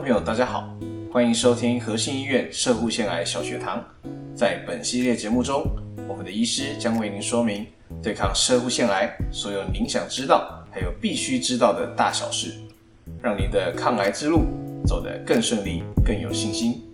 朋友，大家好，歡迎收聽和信醫院攝護腺癌小學堂。在本系列節目中，我們的醫師將為您說明對抗攝護腺癌所有您想知道，還有必須知道的大小事，讓您的抗癌之路走得更順利，更有信心。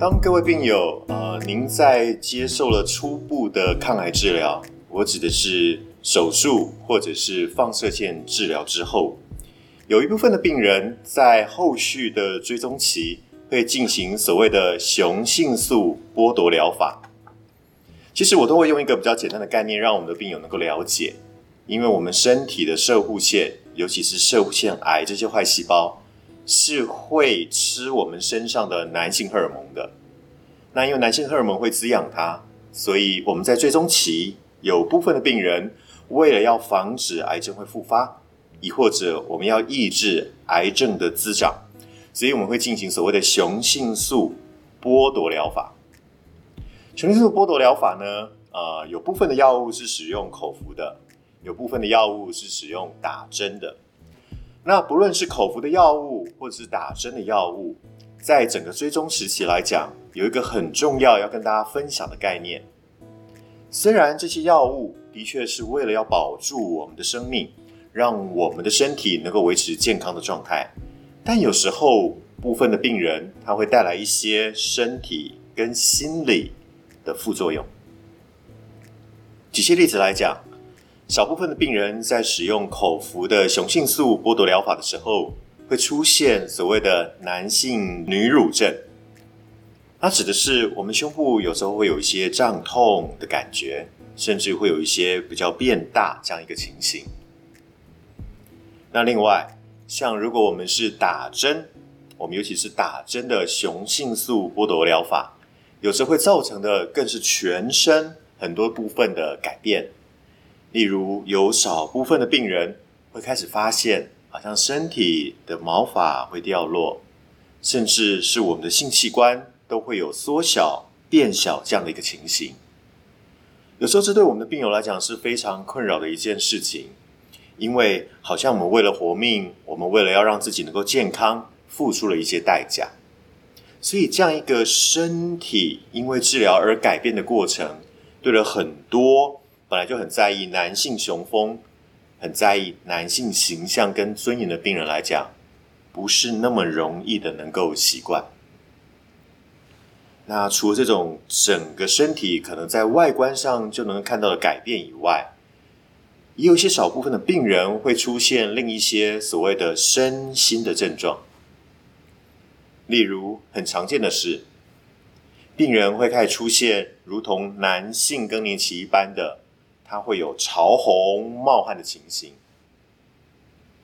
當各位病友，呃，您在接受了初步的抗癌治療，我指的是手術或者是放射線治療之後，有一部分的病人在後續的追蹤期會進行所謂的雄性素剝奪療，療法。其實我都會用一個比較簡單的概念讓我們的病友能夠了解，因為我們身體的攝護腺，尤其是攝護腺癌這些壞細胞，是會吃我們身上的男性荷爾蒙的。那因為男性荷爾蒙會滋養他，所以我們在最終期有部分的病人，為了要防止癌症會復發，亦或者我們要抑制癌症的滋長，所以我們會進行所謂的雄性素剝奪療法。雄性素剝奪療法呢，啊、呃，有部分的藥物是使用口服的，有部分的藥物是使用打針的。那不論是口服的藥物或者是打針的藥物。在整個追蹤時期來講，有一個很重要要跟大家分享的概念。雖然這些藥物的確是為了要保住我們的生命，讓我們的身體能夠維持健康的狀態，但有時候部分的病人他會帶來一些身體跟心理的副作用。舉些例子來講，少部分的病人在使用口服的雄性素剝奪療，療法的時候，會出現所謂的男性女乳症，它指的是我們胸部有時候會有一些脹痛的感覺，甚至會有一些比較變大這樣一個情形。那另外，像如果我們是打針，我們尤其是打針的雄性素剝奪療法，有時候會造成的更是全身很多部分的改變。例如，有少部分的病人會開始發現。好像身體的毛髮會掉落，甚至是我們的性器官都會有縮小、變小這樣的一個情形。有時候這對我們的病友來講是非常困擾的一件事情，因為好像我們為了活命，我們為了要讓自己能夠健康，付出了一些代價。所以，這樣一個身體因為治療而改變的過程，對了很多本來就很在意男性雄風。很在意男性形象跟尊嚴的病人來講，不是那麼容易的能夠習慣。那除了這種整個身體可能在外觀上就能看到的改變以外，也有一些少部分的病人會出現另一些所謂的身心的症狀。例如很常見的是，病人會開始出現如同男性更年期一般的。它會有潮紅冒汗的情形。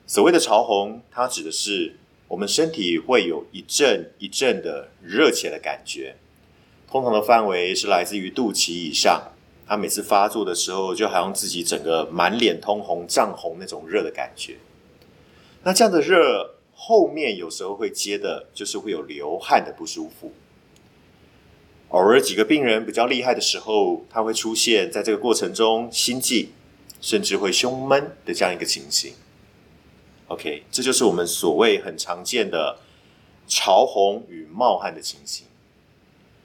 所謂的潮紅，它指的是我們身體會有一陣一陣的熱起來的感覺。通常的範圍是來自於肚臍以上。它每次發作的時候，就好像自己整個滿臉通紅、漲紅那種熱的感覺。那這樣的熱後面有時候會接的，就是會有流汗的不舒服。偶爾幾個病人比較厲害的時候，他會出現在這個過程中心悸，甚至會胸悶的這樣一個情形。OK，這就是我們所謂很常見的潮紅與冒汗的情形。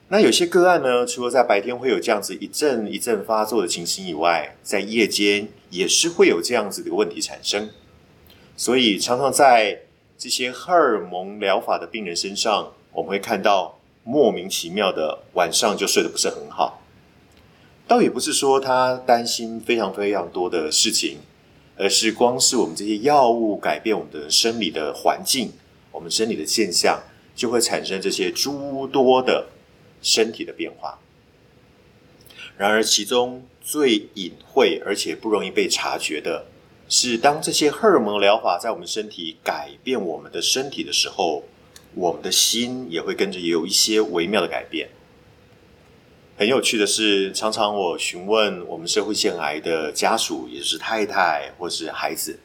那有些個案呢，除了在白天會有這樣子一陣一陣發作的情形以外，在夜間也是會有這樣子的問題產生。所以常常在這些荷爾蒙療法的病人身上，我們會看到。莫名其妙的晚上就睡得不是很好，倒也不是說他擔心非常非常多的事情，而是光是我們這些藥物改變我們的生理的環境，我們生理的現象就會產生這些諸多的身體的變化。然而，其中最隱晦而且不容易被察覺的是，當這些荷爾蒙療法在我們身體改變我們的身體的時候，我們的心也會跟着有一些微妙的改變。很有趣的是，常常我詢問我們攝護腺癌的家屬，也是太太或是孩子，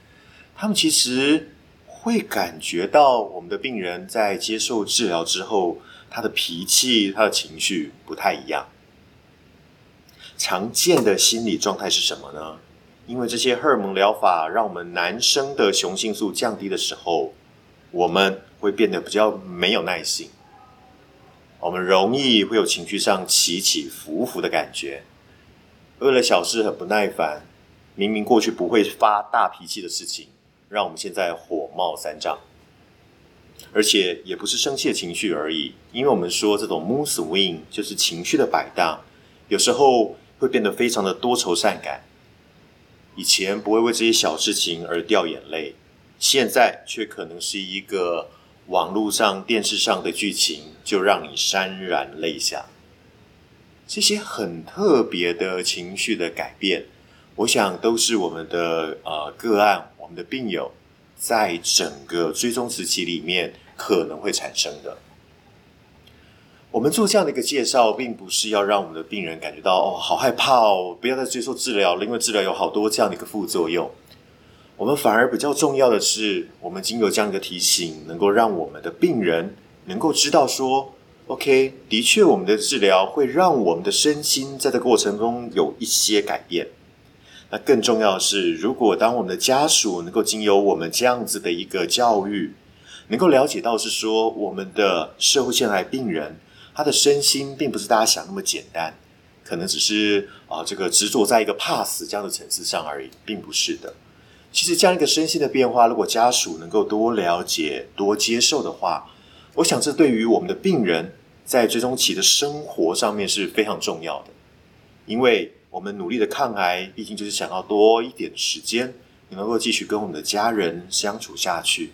他們其實會感覺到我們的病人在接受治療之後，他的脾氣、他的情緒不太一樣。常見的心理狀態是什麼呢？因為這些荷爾蒙療法讓我們男生的雄性素降低的時候，我們。會變得比較沒有耐心，我們容易會有情緒上起起伏伏的感覺，為了小事很不耐煩，明明過去不會發大脾氣的事情，讓我們現在火冒三丈，而且也不是生氣的情緒而已，因為我們說這種 mood swing 就是情緒的擺盪，有時候會變得非常的多愁善感，以前不會為這些小事情而掉眼淚，現在卻可能是一個。網絡上、電視上的劇情就讓你潸然淚下，這些很特別的情緒的改變，我想都是我們的呃個案、我們的病友，在整個追蹤時期裡面可能會產生的。我們做這樣的一個介紹，並不是要讓我們的病人感覺到哦，好害怕哦，不要再接受治療了，因為治療有好多這樣的一個副作用。我們反而比較重要的是，我們經由這樣一個提醒，能夠讓我們的病人能夠知道說，OK，的確，我們的治療會讓我們的身心在這個過程中有一些改變。那更重要的是，如果當我們的家屬能夠經由我們這樣子的一個教育，能夠了解到是說，我們的攝護腺癌病人他的身心並不是大家想那麼簡單，可能只是啊、呃、這個執着在一個怕死這樣的層次上而已，並不是的。其實這樣一個身心的變化，如果家屬能夠多了解、多接受的話，我想這對於我們的病人在追蹤期的生活上面是非常重要的。因為我們努力的抗癌，畢竟就是想要多一點時間，能夠繼續跟我們的家人相處下去。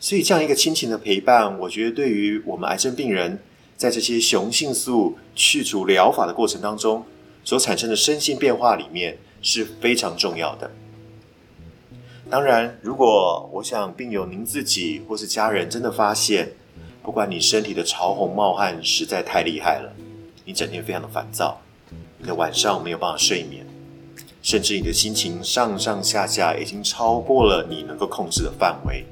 所以，這樣一個親情的陪伴，我覺得對於我們癌症病人在這些雄性素去除療法的過程當中所產生的身心變化裡面是非常重要的。當然，如果我想病友您自己或是家人真的發現，不管你身體的潮紅冒汗實在太厲害了，你整天非常的煩躁，你的晚上沒有辦法睡眠，甚至你的心情上上下下已經超過了你能夠控制的範圍，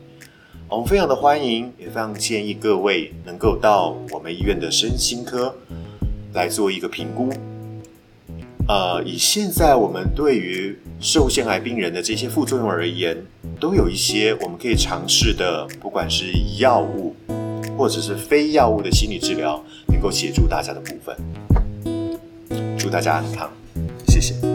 我們非常的歡迎，也非常建議各位能夠到我們醫院的身心科來做一個評估。呃，以現在我們對於攝護腺癌病人的這些副作用而言，都有一些我們可以嘗試的，不管是藥物或者是非藥物的心理治療，能夠協助大家的部分。祝大家安康，謝謝。